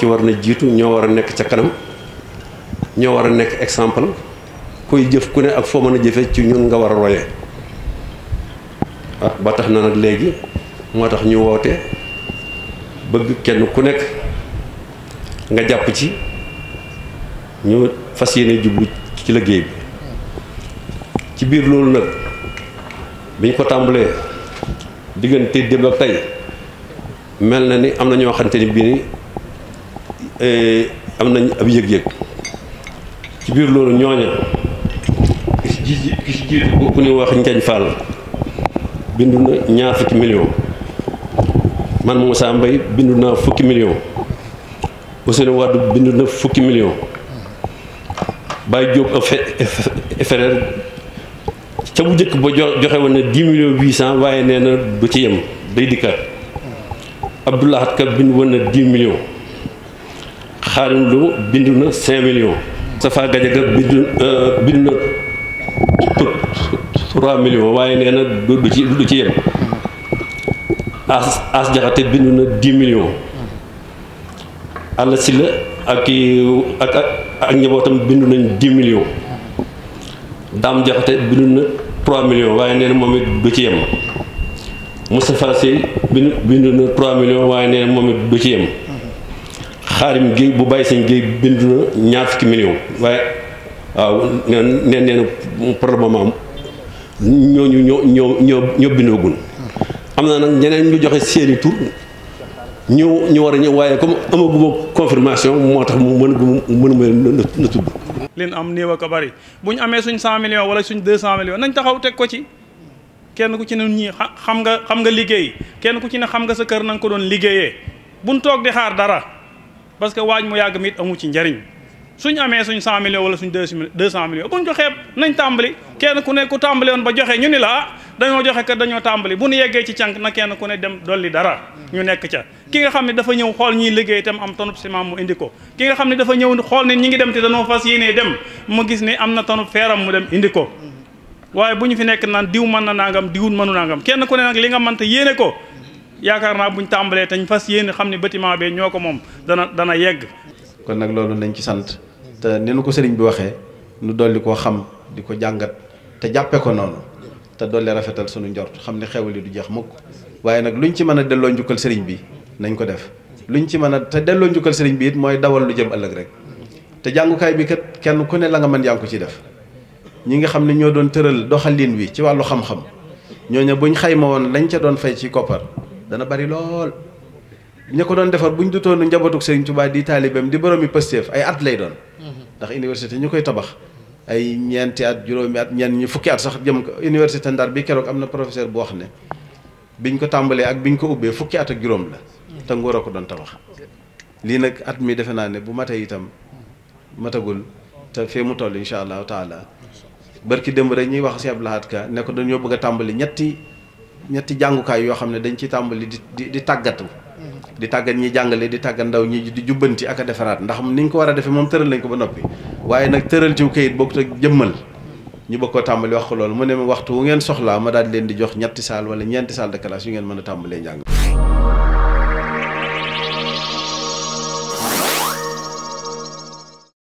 ci war na jiitu ñoo war a nekk ca kanam ñoo war a nekk exemple kuy jëf ku ne ak foo mën a jëfe ci ñun nga war a royee ah ba tax na nag léegi moo tax ñu woote bëgg kenn ku nekk nga jàpp ci ñu fas yéene jublu ci liggéey bi ci biir loolu nag biñ ko tàmbalee diggante démb ak tey mel na ni am na ñoo xamante ni bii Eh, am nañ ab yëg-yëg ci biir loolu ñooña ki si ji ki si jiitu ku ñuy wax Njañ Fall bindu na ñaar fukki million man Moussa Mbaye bindu naa fukki million Ousseynou Wade bindu na fukki million Baye Diop ak frère ca bu njëkk ba joxe woon na dix millions huit cent waaye nee na du ci yem day dikkaat Abdoulahat Ka bindu woon na Xaadim Lu bindu na cinq millions Safa Gajaga euh, bindu na trois millions waaye nee na du ci du ci yem As As Jaxate bindu na dix millions Alla Silla ak ak ak njabootam bindu nañ dix millions Daam Jaxate bindu na trois millions waaye nee na moom it du ci yem Moustapha Sey bindu bindu na trois millions waaye nee na moom it du ci yem xaarim géey bu bàyyi sañ géey bindu na ñaar fukki million waaye waaw neen neen problème am ñooñu ñoo ñoo ñoo ñoo bindoogun am na nag ñeneen ñu joxe seeni tur ñu ñu war a ñëw waaye comme amaguma confirmation moo tax mu mën mënu ma na tudd leen am néew ak a bari bu ñu amee suñ cent million wala suñ deux cent millions nañ taxaw teg ko ci kenn ku ci ne ñi xam nga xam nga liggéey kenn ku ci ne xam nga sa kër nang ko doon liggéeyee buñ toog di xaar dara parce que waañ mu yàgg mi it amu ci njariñ suñ amee suñ cent millions wala suñ deux cent millions buñ ko xeeb nañ tàmbali kenn ku ne ku tàmbali ba joxe ñu ni la ah, dañoo joxe kat dañoo tàmbali bu nu yeggee ci cànk na kenn ku ne dem dolli dara ñu nekk ca ki nga xam ne dafa ñëw xool ñuy liggéey itam am tonub ciment mu indi ko ki nga xam ne dafa ñëw xool ne ñu ngi dem te dañoo fas yéenee dem mu gis ni am na tonub feeram mu dem indi ko waaye bu ñu fi nekk naan diw mën na nangam diwun mënu nangam kenn ku ne nag li nga mënta yéene ko yaakaar naa ñu tàmbalee tañ fas yéene xam ne bâtiment bee ñoo ko moom dana dana yegg. kon nag loolu nañ ci sant te ni nu ko sëriñ bi waxee nu dolli koo xam di ko jàngat te jàppe ko noonu te dolli rafetal sunu njort xam ne xew li du jeex mukk waaye nag luñ ci mën a delloo njukkal sëriñ bi nañ ko def luñ ci mën a delloo njukkal sëriñ bi it mooy dawal lu jëm ëllëg rek te jàngukaay bi kat kenn ku ne la nga mën yaa ngi ko ci def ñi nga xam ne ñoo doon tëral doxalin wi ci wàllu xam-xam ñooñu buñ xayma woon lañ ca doon fay ci koppar dana bari lool ña ko doon defar bu ñu dutoon njabootug Serigne Touba di taalibeem di boromi Pastef ay at lay doon ndax université ñu koy tabax ay ñeenti at juróomi at ñenn ñi fukki at sax jëm université Ndar bi keroog am na professeur boo xam ne bi biñ ko tàmbalee ak bi biñ ko ubbee fukki at ak juróom la te ngóor ko doon tabax lii nag at mi defe naa ne bu matee itam matagul te fee mu toll incha allahu taala barki démb rek ñuy wax seeb Abdou Ka ne dañoo bëgg tàmbali ñetti ñetti jàngukaay yoo xam ne dañ ci tàmbali di di di tàggatu di tàggat ñi jàngale di tàggat ndaw ñi di jubbanti ak a defaraat ndax ni nga ko war a defee moom tëral nañ ko ba noppi waaye nag tëral ciw kayit bokkut ak jëmmal ñu bëgg koo tàmbali wax ko loolu mu ne ma waxtu wu ngeen soxlaa ma daal di leen di jox ñetti saal wala ñeenti saal de classe yu ngeen mën a tàmbalee njàng